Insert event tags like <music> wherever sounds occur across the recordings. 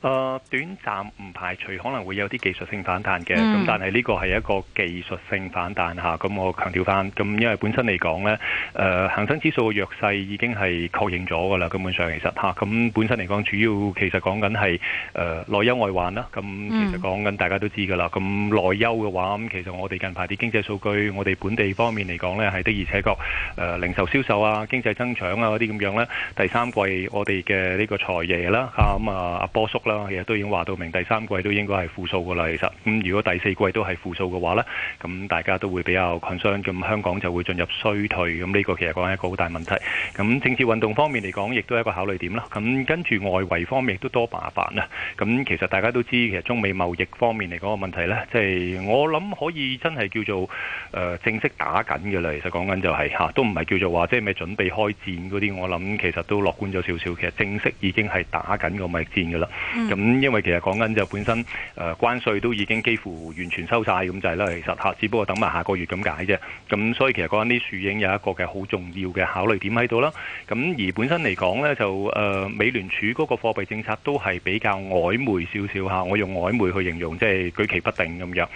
誒、uh, 短暫唔排除可能會有啲技術性反彈嘅，咁、mm. 但係呢個係一個技術性反彈下咁、啊、我強調翻，咁、啊、因為本身嚟講呢，誒恆生指數嘅弱勢已經係確認咗噶啦，根本上其實咁、啊啊、本身嚟講主要其實講緊係誒內憂外患啦，咁、啊、其實講緊大家都知噶啦，咁、mm. 啊、內憂嘅話，咁、啊、其實我哋近排啲經濟數據，我哋本地方面嚟講呢係的而且確，誒、啊、零售銷售啊、經濟增長啊嗰啲咁樣呢。第三季我哋嘅呢個財爺啦，咁、啊、阿、啊、波叔。其實都已經話到明，第三季都應該係負數噶啦。其實咁，如果第四季都係負數嘅話呢，咁大家都會比較 concern，咁香港就會進入衰退。咁呢個其實講緊一個好大問題。咁政治運動方面嚟講，亦都係一個考慮點啦。咁跟住外圍方面亦都多麻煩啊。咁其實大家都知道，其實中美貿易方面嚟講個問題呢，即係我諗可以真係叫做誒正式打緊嘅啦。其實講緊就係嚇，都唔係叫做話即係咪準備開戰嗰啲。我諗其實都樂觀咗少少。其實正式已經係打緊個貿易戰噶啦。咁、嗯、因為其實講緊就本身誒、呃、關稅都已經幾乎完全收晒，咁就係、是、啦，其實吓，只不過等埋下個月咁解啫。咁所以其實講緊啲樹影有一個嘅好重要嘅考慮點喺度啦。咁而本身嚟講咧就誒、呃、美聯儲嗰個貨幣政策都係比較曖昧少少吓，我用曖昧去形容，即、就、係、是、舉棋不定咁樣。咁、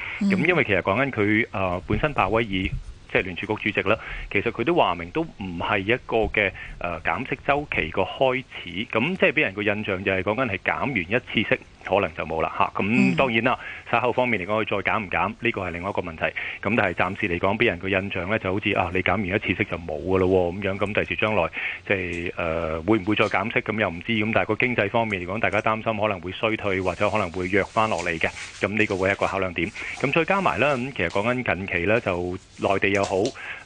嗯、因為其實講緊佢誒本身鮑威爾。即係聯儲局主席啦，其實佢都話明都唔係一個嘅誒、呃、減息周期個開始，咁即係俾人個印象就係講緊係減完一次息。可能就冇啦，吓，咁當然啦，稍後方面嚟講，佢再減唔減呢個係另外一個問題。咁但係暫時嚟講，俾人個印象呢就好似啊，你減完一次息就冇㗎喇喎，咁樣，咁第時將來即係誒會唔會再減息？咁又唔知。咁但係個經濟方面嚟講，大家擔心可能會衰退或者可能會弱翻落嚟嘅。咁呢個會一個考量點。咁再加埋呢，咁其實講緊近期呢，就內地又好。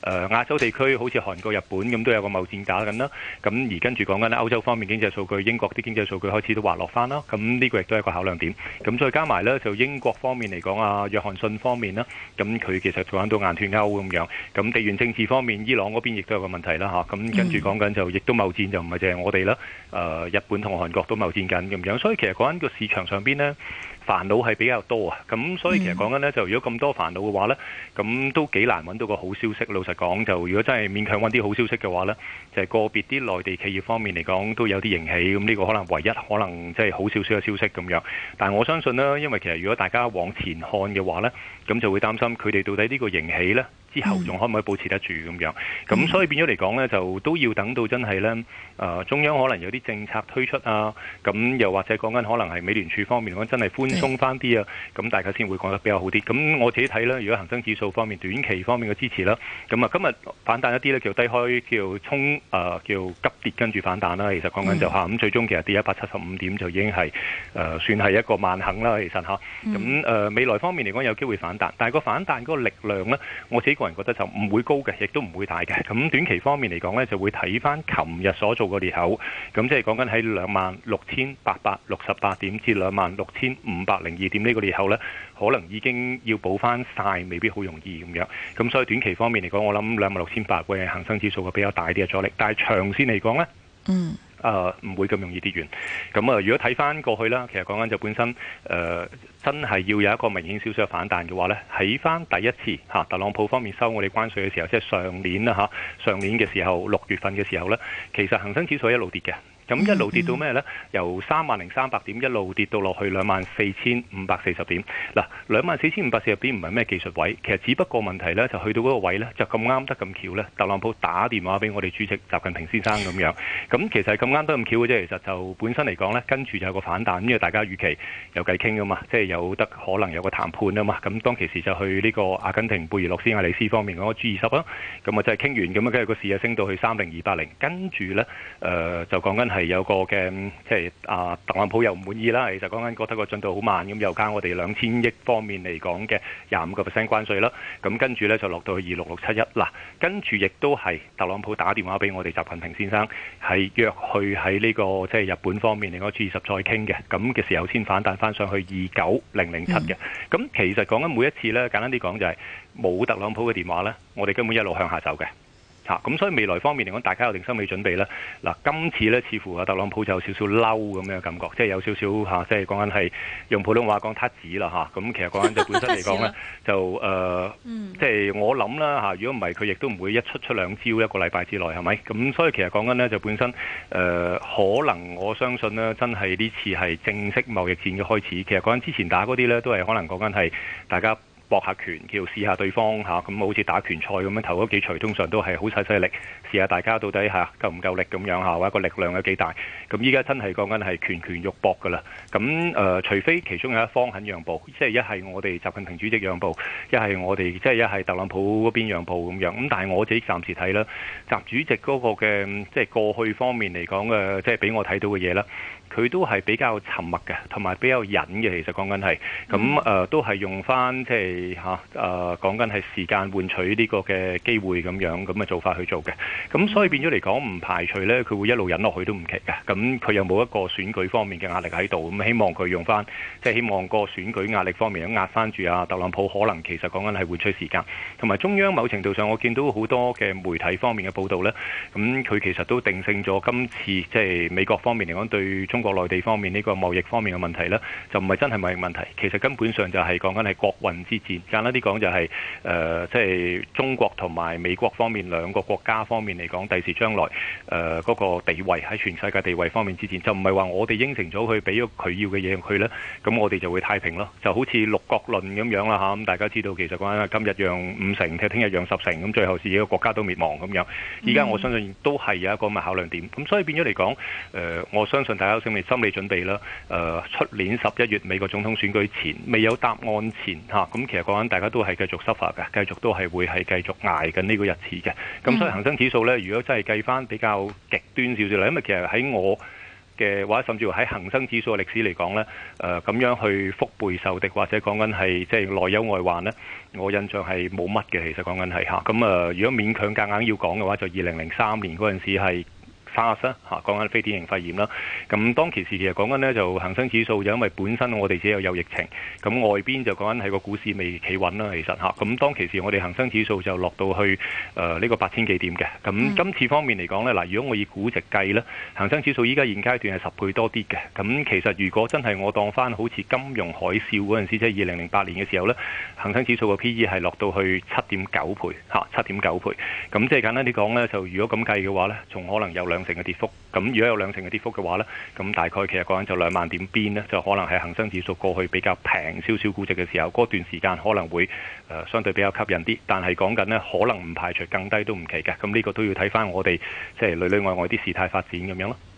誒亞洲地區好似韓國、日本咁都有個貿戰打緊啦，咁而跟住講緊呢歐洲方面經濟數據，英國啲經濟數據開始都滑落翻啦，咁呢個亦都係一個考量點。咁再加埋呢就英國方面嚟講啊，約翰遜方面啦，咁佢其實做緊都硬脫歐咁樣。咁地緣政治方面，伊朗嗰邊亦都有個問題啦嚇。咁跟住講緊就亦都貿戰，就唔係淨係我哋啦。誒日本同韓國都貿戰緊咁樣，所以其實講緊個市場上邊呢。煩惱係比較多啊，咁所以其實講緊呢，就如果咁多煩惱嘅話呢，咁都幾難揾到個好消息。老實講，就如果真係勉強揾啲好消息嘅話呢，就係、是、個別啲內地企業方面嚟講都有啲盈喜，咁呢個可能唯一可能即係好少少嘅消息咁樣。但係我相信呢，因為其實如果大家往前看嘅話呢，咁就會擔心佢哋到底呢個盈喜呢之後仲可唔可以保持得住咁樣。咁所以變咗嚟講呢，就都要等到真係呢、呃、中央可能有啲政策推出啊，咁又或者講緊可能係美聯儲方面嗰真係寬翻啲啊！咁大家先會講得比較好啲。咁我自己睇啦，如果恒生指數方面短期方面嘅支持啦，咁啊今日反彈一啲呢叫低開，叫衝誒、呃、叫急跌，跟住反彈啦。其實講緊就下、是，咁、嗯、最終其實跌一百七十五點就已經係誒、呃、算係一個萬幸啦。其實嚇，咁、啊呃、未來方面嚟講有機會反彈，但係個反彈嗰個力量呢，我自己個人覺得就唔會高嘅，亦都唔會大嘅。咁、嗯、短期方面嚟講呢，就會睇翻琴日所做嘅裂口。咁即係講緊喺兩萬六千八百六十八點至兩萬六千五百零二點呢個裂口呢，可能已經要補翻曬，未必好容易咁樣。咁所以短期方面嚟講，我諗兩萬六千八嘅恒生指數嘅比較大啲嘅阻力。但係長線嚟講呢，嗯，呃、唔會咁容易跌完。咁啊，如果睇翻過去啦，其實講緊就本身、呃、真係要有一個明顯少少嘅反彈嘅話呢，喺翻第一次吓，特朗普方面收我哋關稅嘅時候，即係上年啦、啊、上年嘅時候六月份嘅時候呢，其實恒生指數一路跌嘅。咁一路跌到咩呢？由三萬零三百點一路跌到落去兩萬四千五百四十點。嗱，兩萬四千五百四十點唔係咩技術位，其實只不過問題呢，就去到嗰個位呢，就咁啱得咁巧呢。特朗普打電話俾我哋主席習近平先生咁樣，咁其實係咁啱得咁巧嘅啫。其實就本身嚟講呢，跟住就有個反彈，因為大家預期有計傾噶嘛，即係有得可能有個談判啊嘛。咁當其時就去呢個阿根廷貝爾諾斯亞里斯方面嗰個 G20 啦。咁啊就係傾完咁啊，跟住個市啊升到去三零二八零，跟住呢，呃、就講緊係。係有個嘅，即係啊，特朗普又唔滿意啦，其實講緊覺得個進度好慢咁，又加我哋兩千億方面嚟講嘅廿五個 percent 關稅啦。咁跟住呢就落到去二六六七一啦。跟住亦都係特朗普打電話俾我哋習近平先生，係約去喺呢個即係日本方面另外二十再傾嘅。咁嘅時候先反彈翻上去二九零零七嘅。咁其實講緊每一次呢，簡單啲講就係冇特朗普嘅電話呢，我哋根本一路向下走嘅。咁、啊、所以未來方面嚟講，大家有定心理準備啦。嗱、啊，今次呢，似乎啊，特朗普就有少少嬲咁嘅感覺，即係有少少、啊、即係講緊係用普通話講他子啦嚇。咁、啊啊、其實講緊就本身嚟講呢， <laughs> 就誒、呃嗯，即係我諗啦，如果唔係，佢、啊、亦都唔會一出出兩招一個禮拜之內，係咪？咁所以其實講緊呢，就本身誒、呃，可能我相信呢，真係呢次係正式貿易戰嘅開始。其實講緊之前打嗰啲呢，都係可能講緊係大家。搏下拳，叫試下對方嚇，咁好似打拳賽咁樣投咗幾錘，通常都係好細細力試下大家到底下夠唔夠力咁樣下，或一個力量有幾大。咁依家真係講緊係拳拳欲搏噶啦。咁誒、呃，除非其中有一方肯讓步，即係一係我哋習近平主席讓步，一係我哋即係一係特朗普嗰邊讓步咁樣。咁但係我自己暫時睇啦，習主席嗰個嘅即係過去方面嚟講嘅，即係俾我睇到嘅嘢啦。佢都係比較沉默嘅，同埋比較忍嘅。其實講緊係咁，誒都係用翻即係吓誒，講緊係時間換取呢個嘅機會咁樣咁嘅做法去做嘅。咁所以變咗嚟講唔排除咧，佢會一路忍落去都唔奇嘅。咁佢又冇一個選舉方面嘅壓力喺度，咁希望佢用翻即係希望個選舉壓力方面壓翻住啊特朗普。可能其實講緊係換取時間同埋中央某程度上，我見到好多嘅媒體方面嘅報道咧，咁佢其實都定性咗今次即係美國方面嚟講對。中國內地方面呢、這個貿易方面嘅問題呢，就唔係真係貿易問題，其實根本上就係、是、講緊係國運之戰。簡單啲講就係、是、誒，即、呃、係、就是、中國同埋美國方面兩個國家方面嚟講，第時將來誒嗰、呃那個地位喺全世界地位方面之戰，就唔係話我哋應承咗去俾咗佢要嘅嘢佢呢，咁我哋就會太平咯。就好似六國論咁樣啦嚇，咁、啊、大家知道其實講緊今日讓五成，聽日讓十成，咁最後自己個國家都滅亡咁樣。依家我相信都係有一個咁嘅考量點，咁所以變咗嚟講，誒、呃、我相信大家心理準備啦，誒、呃、出年十一月美國總統選舉前未有答案前嚇，咁、啊、其實講緊大家都係繼續執法嘅，繼續都係會係繼續捱緊呢個日子嘅。咁所以恒生指數呢，如果真係計返比較極端少少啦，因為其實喺我嘅或者甚至乎喺恒生指數嘅歷史嚟講呢，誒、呃、咁樣去腹背受敵或者講緊係即係內憂外患呢，我印象係冇乜嘅。其實講緊係嚇，咁啊如果勉強夾硬要講嘅話，就二零零三年嗰陣時係。講緊非典型肺炎啦。咁當其時其實講緊呢，就恒生指數就因為本身我哋自己有有疫情，咁外邊就講緊係個股市未企穩啦。其實咁當其時我哋恒生指數就落到去誒呢、呃呢個八千幾點嘅。咁今次方面嚟講呢，嗱，如果我以估值計咧，恒生指數依家現階段係十倍多啲嘅。咁其實如果真係我當翻好似金融海嘯嗰陣時，即係二零零八年嘅時候呢，恒生指數個 P/E 係落到去七點九倍嚇，七點九倍。咁即係簡單啲講呢，就如果咁計嘅話呢，仲可能有兩成嘅跌幅，咁如果有兩成嘅跌幅嘅話呢，咁大概其實講緊就兩萬點邊呢，就可能係恒生指數過去比較平少少估值嘅時候，嗰段時間可能會誒、呃、相對比較吸引啲，但係講緊呢，可能唔排除更低都唔奇嘅，咁呢個都要睇翻我哋即係裏裏外外啲事態發展咁樣咯。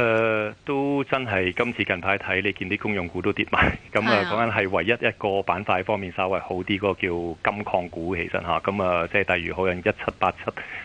誒、呃、都真係今次近排睇，你見啲公用股都跌埋，咁啊講緊係唯一一個板塊方面稍為好啲，嗰個叫金礦股其、啊嗯啊，其實嚇，咁啊即係例如可能一七八七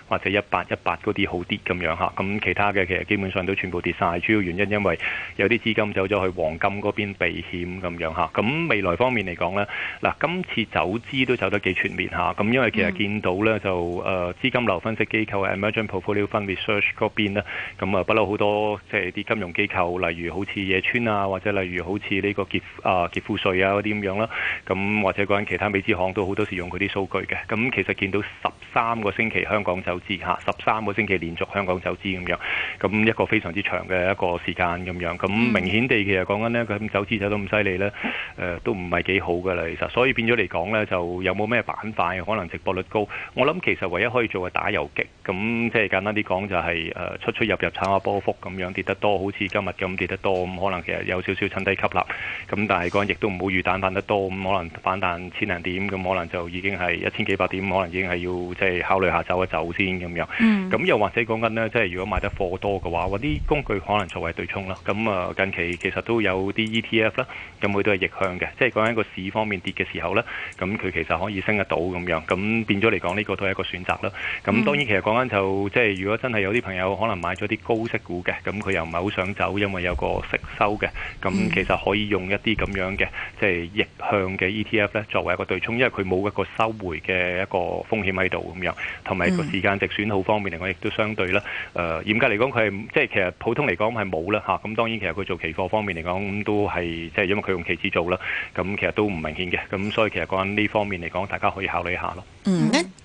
或者一八一八嗰啲好啲咁樣嚇，咁其他嘅其實基本上都全部跌晒。主要原因因為有啲資金走咗去黃金嗰邊避險咁樣嚇，咁、啊、未來方面嚟講呢，嗱、啊、今次走資都走得幾全面嚇，咁、啊、因為其實見到呢，嗯、就誒、呃、資金流分析機構嘅 Emergent Portfolio、Fund、Research 嗰邊呢，咁啊不嬲好多即係。啲金融機構，例如好似野村啊，或者例如好似呢個傑啊傑富瑞啊啲咁樣啦，咁或者講緊其他美資行都好多時用佢啲數據嘅。咁其實見到十三個星期香港走資吓，十三個星期連續香港走資咁樣，咁一個非常之長嘅一個時間咁樣，咁明顯地，其實講緊呢佢咁走資走到咁犀利咧，誒、呃、都唔係幾好嘅啦。其實所以變咗嚟講咧，就有冇咩板塊可能值博率高？我諗其實唯一可以做嘅打游擊，咁即係簡單啲講就係、是、誒出出入入炒下波幅咁樣。跌得多好似今日咁跌得多咁、嗯，可能其實有少少趁低吸納。咁、嗯、但係講亦都唔好預彈反得多咁、嗯，可能反彈千零點咁、嗯，可能就已經係一千幾百點，可能已經係要即係考慮一下走一走先咁樣。咁、嗯、又或者講緊呢，即係如果買得貨多嘅話，嗰啲工具可能作為對沖啦。咁啊，近期其實都有啲 ETF 啦、啊，咁佢都係逆向嘅，即係講緊個市方面跌嘅時候呢，咁、啊、佢其實可以升得到咁樣。咁、啊、變咗嚟講，呢、呢個都係一個選擇啦。咁、啊、當然其實講緊就即係如果真係有啲朋友可能買咗啲高息股嘅，咁、啊、佢。又唔係好想走，因為有個息收嘅，咁其實可以用一啲咁樣嘅，即係逆向嘅 ETF 咧，作為一個對沖，因為佢冇一個收回嘅一個風險喺度咁樣，同埋個時間值損耗方面嚟講，我亦都相對啦。誒，嚴格嚟講，佢係即係其實普通嚟講係冇啦嚇。咁當然其實佢做期貨方面嚟講，都係即係因為佢用期指做啦。咁其實都唔明顯嘅。咁所以其實講緊呢方面嚟講，大家可以考慮一下咯。嗯、mm-hmm。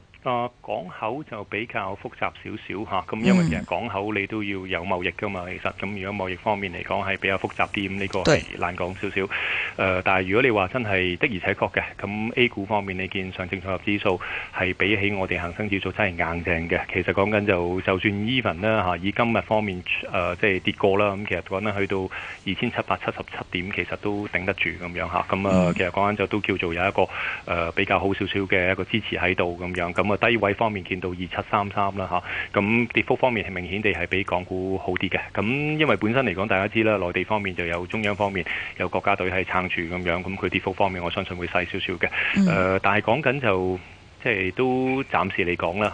啊，港口就比較複雜少少嚇，咁因為其實港口你都要有貿易㗎嘛，其實咁如果貿易方面嚟講係比較複雜啲，咁、這、呢個係難講少少。誒，但係如果你話真係的而且確嘅，咁 A 股方面你見上證綜合指數係比起我哋恒生指數真係硬淨嘅。其實講緊就就算 even 啦嚇，以今日方面誒即係跌過啦，咁其實講緊去到二千七百七十七點，其實都頂得住咁樣嚇。咁啊，其實講緊就都叫做有一個誒比較好少少嘅一個支持喺度咁樣咁。低位方面見到二七三三啦，吓，咁跌幅方面係明顯地係比港股好啲嘅。咁因為本身嚟講，大家知啦，內地方面就有中央方面有國家隊係撐住咁樣，咁佢跌幅方面我相信會細少少嘅。誒、嗯呃，但係講緊就。即係都暫時嚟講啦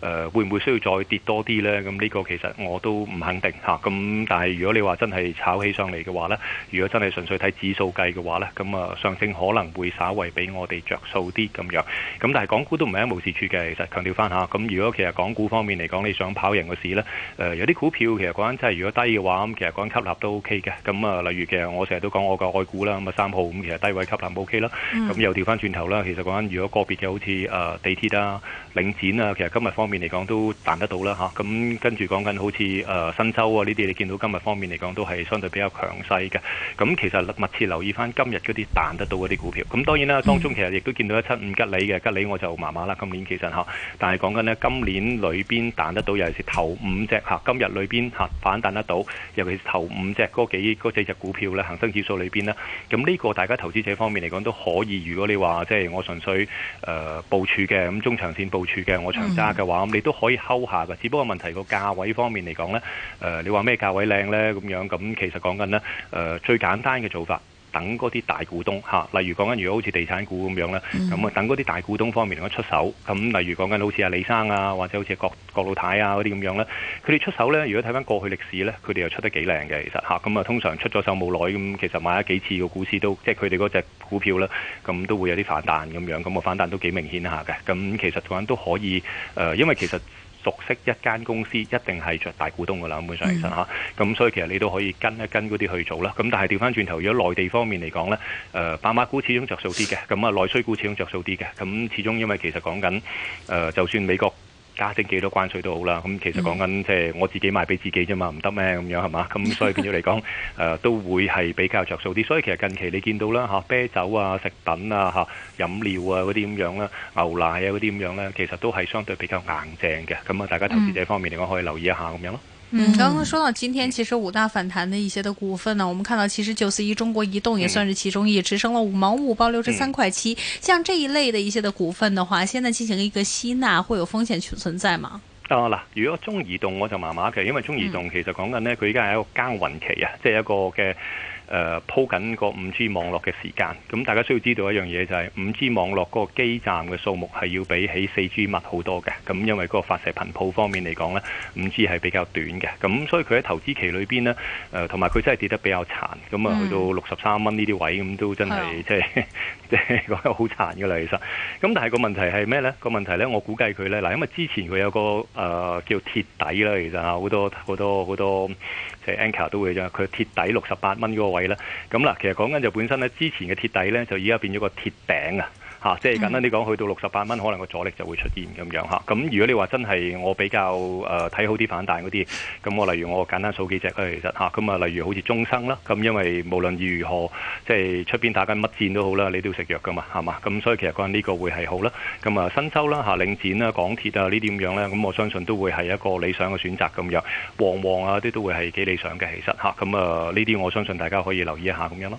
嚇，誒會唔會需要再跌多啲呢？咁、這、呢個其實我都唔肯定嚇。咁但係如果你話真係炒起上嚟嘅話呢，如果真係純粹睇指數計嘅話呢，咁啊上證可能會稍微比我哋着數啲咁樣。咁但係港股都唔係一無是處嘅，其實強調翻嚇。咁如果其實港股方面嚟講，你想跑贏個市呢，誒有啲股票其實講真，即係如果低嘅話，咁其實講緊吸納都 OK 嘅。咁啊，例如其實我成日都講我個愛股啦，咁啊三號咁其實低位吸納咁 OK 啦。咁、mm. 又調翻轉頭啦，其實講緊如果個別嘅好似誒。地鐵啊、領展啊，其實今日方面嚟講都彈得到啦、啊、嚇。咁、啊、跟住講緊好似誒、呃、新洲啊呢啲，你見到今日方面嚟講都係相對比較強勢嘅。咁、啊、其實密切留意返今日嗰啲彈得到嗰啲股票。咁、啊、當然啦、啊，當中其實亦都見到一七五吉利嘅吉利，我就麻麻啦。今年其實嚇、啊，但係講緊呢，今年裏邊彈得到尤其是頭五隻嚇、啊，今日裏邊嚇反彈得到，尤其是頭五隻嗰幾嗰隻股票咧，恒生指數裏邊呢，咁、啊、呢、這個大家投資者方面嚟講都可以。如果你話即係我純粹誒部署。呃嘅咁中長線部署嘅，我長揸嘅話，咁你都可以睺下噶。只不過問題個價位方面嚟講呢，呃，你話咩價位靚呢？咁樣？咁其實講緊呢，呃，最簡單嘅做法。等嗰啲大股東吓，例如講緊如果好似地產股咁樣啦，咁啊，等嗰啲大股東方面能夠出手，咁例如講緊好似阿李生啊，或者好似郭郭老太啊，嗰啲咁樣啦，佢哋出手咧，如果睇翻過去歷史咧，佢哋又出得幾靚嘅其實吓。咁啊，通常出咗手冇耐咁，其實買咗幾次個股市都即係佢哋嗰隻股票啦，咁都會有啲反彈咁樣，咁啊，反彈都幾明顯下嘅，咁其實講都可以、呃、因為其實。熟悉一間公司一定係著大股東噶啦，咁本上嚟講嚇，咁所以其實你都可以跟一跟嗰啲去做啦。咁但係調翻轉頭，如果內地方面嚟講呢，誒、呃、白馬股始終着數啲嘅，咁、嗯、啊內需股始終着數啲嘅，咁、嗯、始終因為其實講緊誒、呃，就算美國。加升幾多關稅都好啦，咁其實講緊即係我自己賣俾自己啫嘛，唔得咩咁樣係嘛？咁所以變咗嚟講，誒、 <laughs> 呃、都會係比較着數啲。所以其實近期你見到啦嚇，啤酒啊、食品啊、嚇飲料啊嗰啲咁樣啦，牛奶啊嗰啲咁樣咧，其實都係相對比較硬正嘅。咁啊，大家投資者方面嚟講，可以留意一下咁樣咯。嗯，剛剛說到今天，其實五大反彈的一些的股份呢，啊嗯，我們看到其實九四一中國移動也算是其中一隻，升了五毛五，報六十三塊七，嗯。像這一類的一些的股份的話，現在進行一個吸納，會有風險存存在嗎？啊，嗱，如果中移動我就麻麻嘅，因為中移動其實講緊呢，佢而家係一個耕耘期啊，即係一個嘅。誒鋪緊個五 G 網絡嘅時間，咁大家需要知道一樣嘢就係五 G 網絡嗰個基站嘅數目係要比起四 G 密好多嘅，咁因為嗰個發射頻譜方面嚟講呢，五 G 係比較短嘅，咁所以佢喺投資期裏面呢，誒同埋佢真係跌得比較殘，咁啊去到六十三蚊呢啲位咁都真係即係即係講得好殘㗎啦，其實。咁但係個問題係咩呢？個問題呢，我估計佢呢，嗱，因為之前佢有個誒、呃、叫鐵底啦，其實好多好多好多。就係、是、Anchor 都會啫，佢鐵底六十八蚊嗰個位啦。咁啦，其實講緊就本身呢，之前嘅鐵底呢，就依家變咗個鐵頂啊！嚇，即係簡單啲講，去到六十八蚊，可能個阻力就會出現咁樣嚇。咁如果你話真係我比較誒睇好啲反彈嗰啲，咁我例如我簡單數幾隻，其實嚇咁啊，例如好似中生啦，咁因為無論如何，即係出邊打緊乜戰都好啦，你都要食藥噶嘛，係嘛？咁所以其實講呢個會係好啦。咁啊，新洲啦嚇，領展啦、港鐵啊呢啲咁樣咧，咁我相信都會係一個理想嘅選擇咁樣。旺旺啊啲都會係幾理想嘅，其實嚇。咁啊，呢啲我相信大家可以留意一下咁樣咯。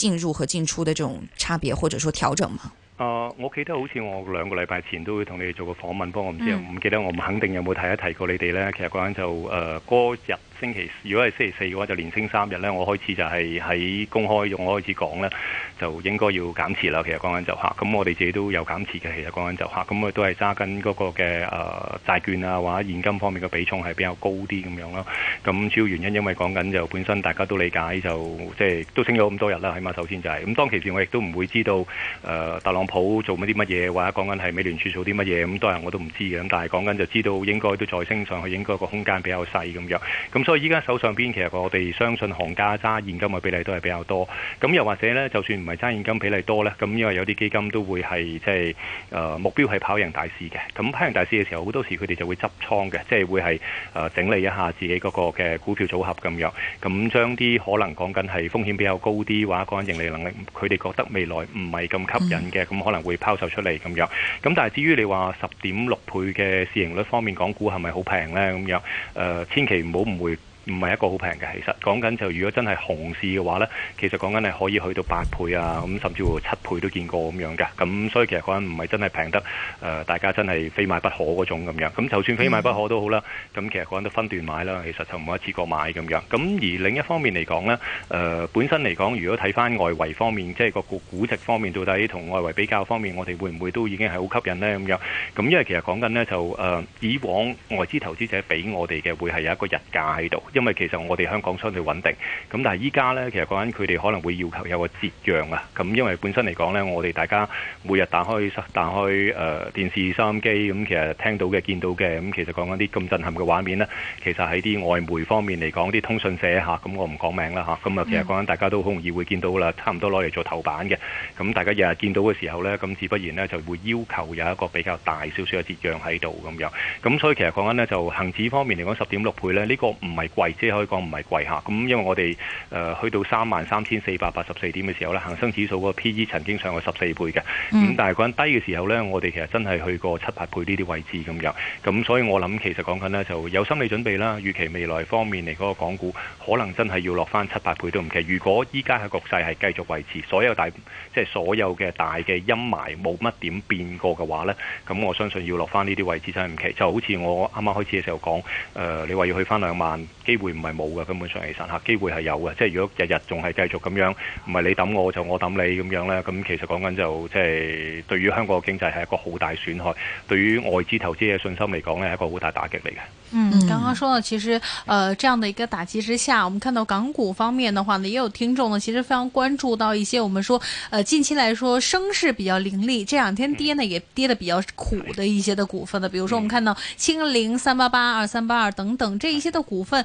進入和進出的這種差別，或者說調整嗎？啊、呃，我記得好似我兩個禮拜前都會同你哋做個訪問，我不過我唔知唔記得，我唔肯定有冇提一提過你哋咧。嗯、其實嗰陣就誒日。呃歌星期如果係星期四嘅話，就連升三日咧，我開始就係喺公開用我開始講呢，就應該要減持啦。其實講緊就客，咁我哋自己都有減持嘅。其實講緊就客，咁啊都係揸緊嗰個嘅誒、呃、債券啊，或者現金方面嘅比重係比較高啲咁樣咯。咁主要原因因為講緊就本身大家都理解，就即係、就是、都升咗咁多日啦。起碼首先就係、是、咁。當其時我亦都唔會知道誒、呃、特朗普做乜啲乜嘢，或者講緊係美聯儲做啲乜嘢咁多人我都唔知嘅。咁但係講緊就知道應該都再升上去，應該個空間比較細咁樣。咁所以依家手上邊，其實我哋相信行家揸現金嘅比例都係比較多。咁又或者呢，就算唔係揸現金比例多呢，咁因為有啲基金都會係即係誒目標係跑贏大市嘅。咁跑贏大市嘅時候，好多時佢哋就會執倉嘅，即、就、係、是、會係誒、呃、整理一下自己嗰個嘅股票組合咁樣。咁將啲可能講緊係風險比較高啲話，講緊盈利能力佢哋覺得未來唔係咁吸引嘅，咁可能會拋售出嚟咁樣。咁但係至於你話十點六倍嘅市盈率方面，港股係咪好平呢？咁樣誒、呃，千祈唔好誤會。唔係一個好平嘅，其實講緊就如果真係熊市嘅話呢，其實講緊係可以去到八倍啊，咁甚至乎七倍都見過咁樣嘅，咁所以其實講緊唔係真係平得，誒、呃、大家真係非買不可嗰種咁樣，咁就算非買不可都好啦，咁其實講緊都分段買啦，其實就唔係一次過買咁樣，咁而另一方面嚟講呢，誒、呃、本身嚟講，如果睇翻外圍方面，即係個股估值方面，到底同外圍比較方面，我哋會唔會都已經係好吸引呢？咁樣。咁因為其實講緊呢，就誒、呃、以往外資投資者俾我哋嘅會係有一個日價喺度。因為其實我哋香港相對穩定，咁但係依家呢，其實講緊佢哋可能會要求有個折讓啊。咁因為本身嚟講呢，我哋大家每日打開打開誒電視收音機，咁其實聽到嘅、見到嘅，咁其實講緊啲咁震撼嘅畫面呢，其實喺啲外媒方面嚟講，啲通訊社下咁我唔講名啦咁啊，其實講緊大家都好容易會見到啦，差唔多攞嚟做頭版嘅。咁大家日日見到嘅時候呢，咁自不然呢就會要求有一個比較大少少嘅折讓喺度咁樣。咁所以其實講緊呢，就恆指方面嚟講，十點六倍呢，呢個唔係。貴，即係可以講唔係貴嚇。咁因為我哋誒去到三萬三千四百八十四點嘅時候呢，恒生指數個 P/E 曾經上過十四倍嘅，咁但係嗰陣低嘅時候呢，我哋其實真係去過七八倍呢啲位置咁樣，咁所以我諗其實講緊呢就有心理準備啦，預期未來方面嚟嗰個港股可能真係要落翻七八倍都唔奇。如果依家嘅局勢係繼續維持，所有大即係、就是、所有嘅大嘅陰霾冇乜點變過嘅話呢，咁我相信要落翻呢啲位置真係唔奇。就好似我啱啱開始嘅時候講，誒、呃、你話要去翻兩萬，機會唔係冇嘅，根本上其實客。機會係有嘅。即係如果日日仲係繼續咁樣，唔係你等我就我等你咁樣呢。咁其實講緊就即係、就是、對於香港嘅經濟係一個好大損害，對於外資投資嘅信心嚟講呢係一個好大打擊嚟嘅。嗯，剛剛講到，其實呃這樣的嘅一個打擊之下，我們看到港股方面嘅話呢，也有聽眾呢，其實非常關注到一些，我們說呃近期來說升勢比較凌厲，這兩天跌呢也跌得比較苦的一些嘅股份呢、嗯，比如說我們看到清零三八八、二三八二等等這一些嘅股份。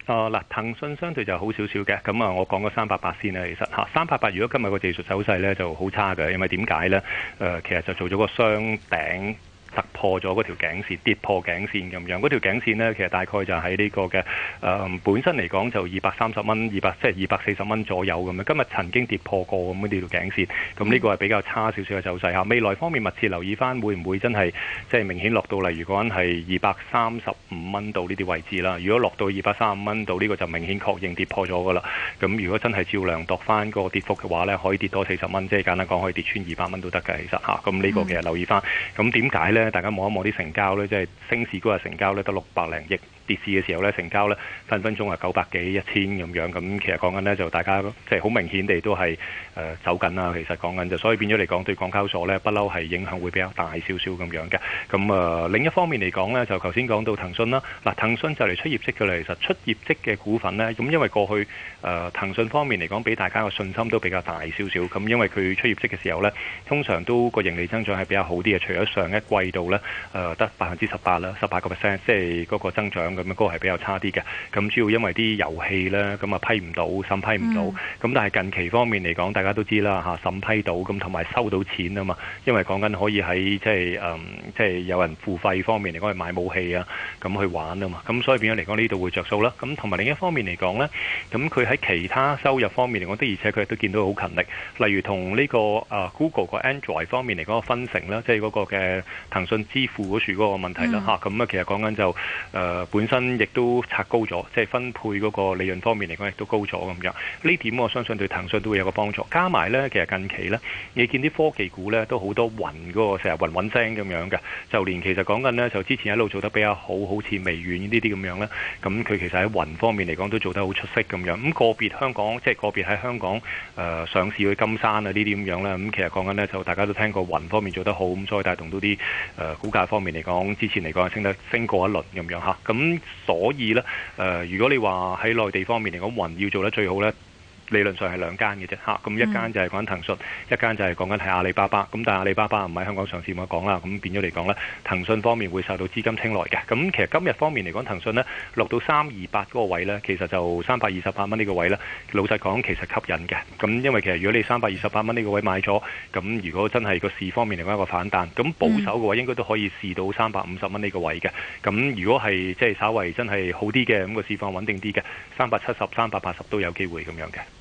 啊、哦、嗱，騰訊相對就好少少嘅，咁啊我講個三百八先啦，其實嚇三百八如果今日個技術手勢咧就好差嘅，因為點解咧？誒、呃，其實就做咗個雙頂。突破咗嗰條頸線，跌破頸線咁樣，嗰條頸線咧，其實大概就喺呢個嘅誒本身嚟講就二百三十蚊，二百即係二百四十蚊左右咁樣。今日曾經跌破過咁樣呢條頸線，咁呢個係比較差少少嘅走勢嚇。未來方面密切留意翻，會唔會真係即係明顯落到嚟？例如講係二百三十五蚊到呢啲位置啦，如果落到二百三十五蚊到呢個就明顯確認跌破咗㗎啦。咁如果真係照量度翻個跌幅嘅話呢，可以跌多四十蚊，即係簡單講可以跌穿二百蚊都得㗎。其實嚇，咁呢個其實留意翻。咁點解呢？大家望一望啲成交咧，即係升市嗰日嘅成交咧，得六百零億。跌市嘅時候咧，成交咧分分鐘係九百幾一千咁樣，咁其實講緊呢，就大家即係好明顯地都係誒、呃、走緊啦。其實講緊就所以變咗嚟講，對港交所呢不嬲係影響會比較大少少咁樣嘅。咁啊、呃、另一方面嚟講呢，就頭先講到騰訊啦，嗱騰訊就嚟出業績嘅嚟，其實出業績嘅股份呢，咁因為過去誒騰訊方面嚟講，俾大家嘅信心都比較大少少。咁因為佢出業績嘅時候呢，通常都個盈利增長係比較好啲嘅，除咗上一季度呢誒得百分之十八啦，十八個 percent，即係嗰個增長。咁樣個係比較差啲嘅，咁主要因為啲遊戲咧，咁啊批唔到，審批唔到。咁、嗯、但係近期方面嚟講，大家都知啦嚇，審批到，咁同埋收到錢啊嘛。因為講緊可以喺即係、呃、即係有人付費方面嚟講，係買武器啊，咁去玩啊嘛。咁所以變咗嚟講，呢度會着數啦。咁同埋另一方面嚟講咧，咁佢喺其他收入方面嚟講的，而且佢都見到好勤力。例如同呢個 Google 個 Android 方面嚟講個分成啦，即係嗰個嘅騰訊支付嗰處嗰個問題啦咁、嗯、啊，其實講緊就、呃本身亦都拆高咗，即係分配嗰個利潤方面嚟講，亦都高咗咁樣。呢點我相信對騰訊都會有個幫助。加埋呢，其實近期呢，你見啲科技股呢都好多雲，嗰個成日雲雲聲咁樣嘅。就連其實講緊呢，就之前一路做得比較好，好似微軟呢啲咁樣啦，咁佢其實喺雲方面嚟講都做得好出色咁樣。咁個別香港即係個別喺香港、呃、上市去金山啊呢啲咁樣啦，咁其實講緊呢，就大家都聽過雲方面做得好，咁所以帶動到啲誒股價方面嚟講，之前嚟講升得升過一輪咁樣咁。所以咧，誒、呃，如果你話喺內地方面嚟講，雲要做得最好咧？理論上係兩間嘅啫，嚇、啊，咁一間就係講緊騰訊，嗯、一間就係講緊係阿里巴巴。咁但係阿里巴巴唔喺香港上市，咁樣講啦，咁變咗嚟講呢，騰訊方面會受到資金青睞嘅。咁其實今日方面嚟講，騰訊呢落到三二八嗰個位呢，其實就三百二十八蚊呢個位呢。老實講其實吸引嘅。咁因為其實如果你三百二十八蚊呢個位買咗，咁如果真係個市方面嚟講一個反彈，咁保守嘅話應該都可以試到三百五十蚊呢個位嘅。咁如果係即係稍為真係好啲嘅，咁、那個市況穩定啲嘅，三百七十、三百八十都有機會咁樣嘅。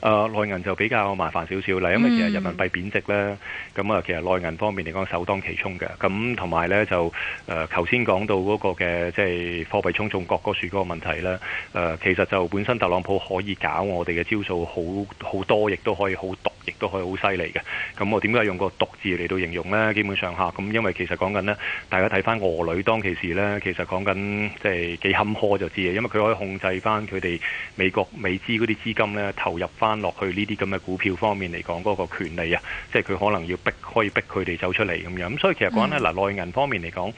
誒內銀就比較麻煩少少，啦，因為其實人民幣貶值咧，咁啊，其實內銀方面嚟講首當其衝嘅，咁同埋咧就誒，頭先講到嗰個嘅即係貨幣充總國歌樹嗰個問題咧，誒、呃，其實就本身特朗普可以搞我哋嘅招數好好多，亦都可以好毒，亦都可以好犀利嘅。咁我點解用個毒字嚟到形容咧？基本上嚇，咁、嗯、因為其實講緊呢，大家睇翻俄女當其時咧，其實講緊即係幾坎坷就知，因為佢可以控制翻佢哋美國美資嗰啲資金咧投入翻。翻落去呢啲咁嘅股票方面嚟講嗰個權利啊，即係佢可能要逼可以逼佢哋走出嚟咁樣。咁所以其實講緊，呢、嗯、嗱，內銀方面嚟講，誒、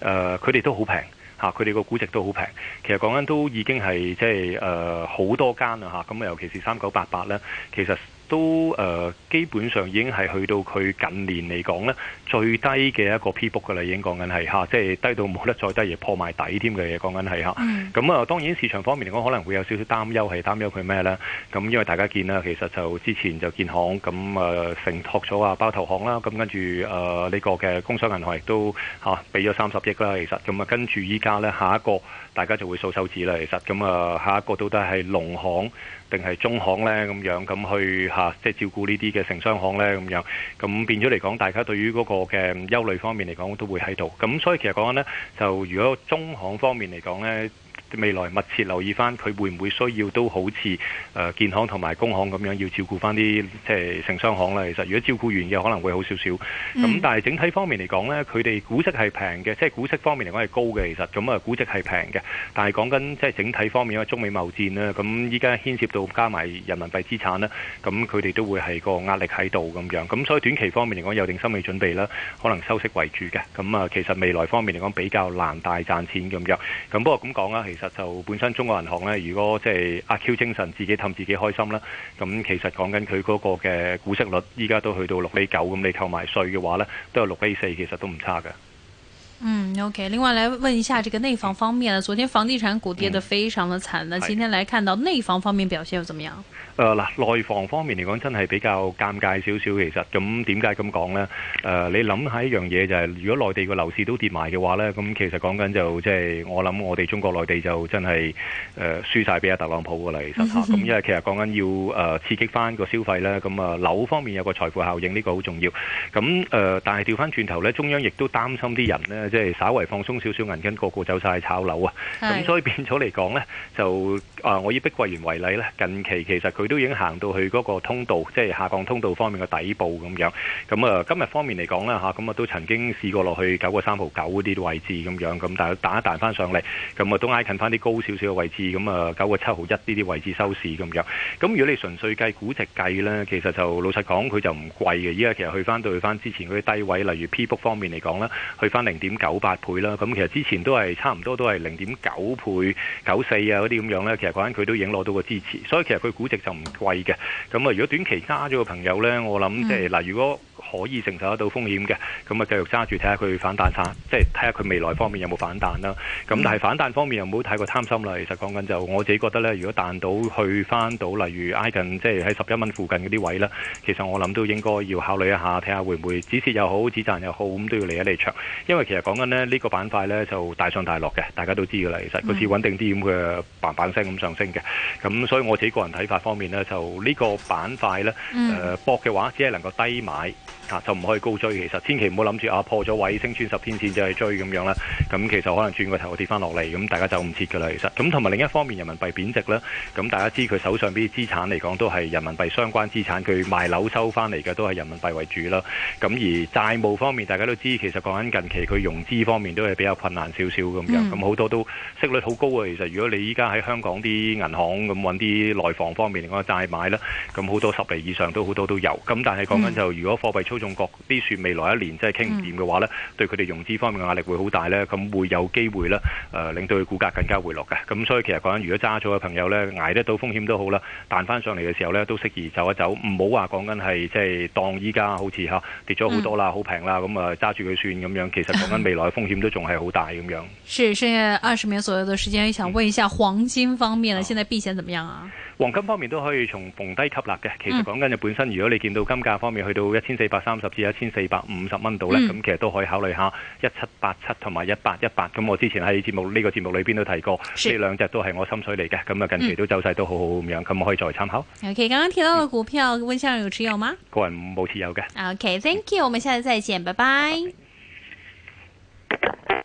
呃，佢哋都好平吓，佢哋個估值都好平，其實講緊都已經係即係誒好多間啊吓，咁尤其是三九八八咧，其實。都誒、呃，基本上已經係去到佢近年嚟講呢最低嘅一個 PB 㗎啦，已經講緊係嚇，即係低到冇得再低，而破埋底添嘅嘢，講緊係嚇。咁、mm. 啊、嗯，當然市場方面嚟講，可能會有少少擔憂，係擔憂佢咩呢？咁因為大家見啦，其實就之前就建行咁啊承托咗啊包頭行啦，咁跟住誒呢個嘅工商銀行亦都嚇俾咗三十億啦，其實咁啊跟住依家呢下一個。大家就會數手指啦，其實咁啊，下一個到底係農行定係中行呢？咁樣咁去吓，即係照顧呢啲嘅城商行呢？咁樣咁變咗嚟講，大家對於嗰個嘅憂慮方面嚟講都會喺度咁，所以其實講緊呢，就如果中行方面嚟講呢。未來密切留意翻，佢會唔會需要都好似誒建行同埋工行咁樣要照顧翻啲即係城商行啦。其實如果照顧完嘅可能會好少少。咁但係整體方面嚟講呢，佢哋股息係平嘅，即係股息方面嚟講係高嘅。其實咁啊，股息係平嘅，但係講緊即係整體方面啊，因為中美貿戰咧，咁依家牽涉到加埋人民幣資產啦，咁佢哋都會係個壓力喺度咁樣。咁所以短期方面嚟講有定心理準備啦，可能收息為主嘅。咁啊，其實未來方面嚟講比較難大賺錢咁樣。咁不過咁講啦，其其實就本身中國銀行咧，如果即係阿 Q 精神，自己氹自己開心啦。咁、嗯、其實講緊佢嗰個嘅股息率，依家都去到六厘九，咁你扣埋稅嘅話咧，都有六厘四，其實都唔差㗎。嗯，OK。另外，嚟問一下這個內房方面，呢昨天房地產股跌得非常的慘，呢、嗯，今天來看到內房方面表現又怎麼樣？誒嗱，內房方面嚟講，真係比較尷尬少少。其實，咁點解咁講咧？誒，你諗下一樣嘢就係，如果內地個樓市都跌埋嘅話咧，咁其實講緊就即係我諗，我哋中國內地就真係誒輸曬俾阿特朗普㗎啦。其實。咁因為其實講緊要誒刺激翻個消費咧，咁啊樓方面有個財富效應，呢個好重要。咁誒，但係調翻轉頭咧，中央亦都擔心啲人咧，即係稍微放鬆少少銀根，個個走曬炒樓啊。咁所以變咗嚟講咧，就啊我以碧桂園為例咧，近期其實佢。佢都已經行到去嗰個通道，即係下降通道方面嘅底部咁樣。咁啊，今日方面嚟講啦，嚇，咁啊都曾經試過落去九個三毫九嗰啲位置咁樣。咁但係彈一彈翻上嚟，咁啊都挨近翻啲高少少嘅位置。咁啊九個七毫一呢啲位置收市咁樣。咁如果你純粹計估值計呢，其實就老實講，佢就唔貴嘅。依家其實去翻對翻之前嗰啲低位，例如 PB 方面嚟講啦，去翻零點九八倍啦。咁其實之前都係差唔多，都係零點九倍、九四啊嗰啲咁樣呢。其實嗰陣佢都已經攞到個支持，所以其實佢估值就。唔貴嘅，咁啊，如果短期加咗個朋友咧，我諗即係嗱，mm-hmm. 如果。可以承受得到風險嘅，咁啊，繼續揸住睇下佢反彈曬，即係睇下佢未來方面有冇反彈啦。咁但係反彈方面又唔好太過貪心啦。其實講緊就我自己覺得呢，如果彈到去返到例如挨近即係喺十一蚊附近嗰啲位咧，其實我諗都應該要考慮一下，睇下會唔會止蝕又好，止賺又好，咁都要離一離場。因為其實講緊咧呢、呢個板塊呢，就大上大落嘅，大家都知嘅啦。其實個市穩定啲咁嘅，嘭嘭聲咁上升嘅。咁所以我自己個人睇法方面呢，就呢個板塊呢，誒搏嘅話只係能夠低買。就唔可以高追，其實千祈唔好諗住啊破咗位，升穿十天線就去追咁樣啦。咁其實可能轉個頭跌翻落嚟，咁大家走唔切噶啦。其實咁同埋另一方面，人民幣貶值啦。咁大家知佢手上邊資產嚟講都係人民幣相關資產，佢賣樓收翻嚟嘅都係人民幣為主啦。咁而債務方面，大家都知其實講緊近期佢融資方面都係比較困難少少咁樣，咁、mm. 好多都息率好高啊。其實如果你依家喺香港啲銀行咁揾啲內房方面嘅債買啦，咁好多十厘以上都好多都有。咁但係講緊就如果貨幣操縱各啲未來一年真係傾唔掂嘅話呢、嗯，對佢哋融資方面嘅壓力會好大呢，咁會有機會呢，誒、呃、令到佢股價更加回落嘅。咁所以其實講緊，如果揸咗嘅朋友呢，捱得到風險都好啦，彈翻上嚟嘅時候呢，都適宜走一走，唔、就是、好話講緊係即係當依家好似吓跌咗好多啦，好平啦，咁啊揸住佢算咁樣。其實講緊未來嘅風險都仲係好大咁 <laughs> 樣。是剩下二十秒左右嘅時間、嗯，想問一下黃金方面呢，現在避險點樣啊？黃金方面都可以從逢低吸納嘅，其實講緊嘅本身，如果你見到金價方面去到一千四百三十至一千四百五十蚊度呢，咁、嗯、其實都可以考慮一下一七八七同埋一八一八。咁我之前喺節目呢個節目裏邊都提過，呢兩隻都係我心水嚟嘅。咁啊，近期都走勢都好好咁樣，咁、嗯、可以作為參考。OK，剛剛提到嘅股票，溫、嗯、先生有持有嗎？個人冇持有嘅。OK，Thank、okay, you，我們下次再見，拜拜。拜拜。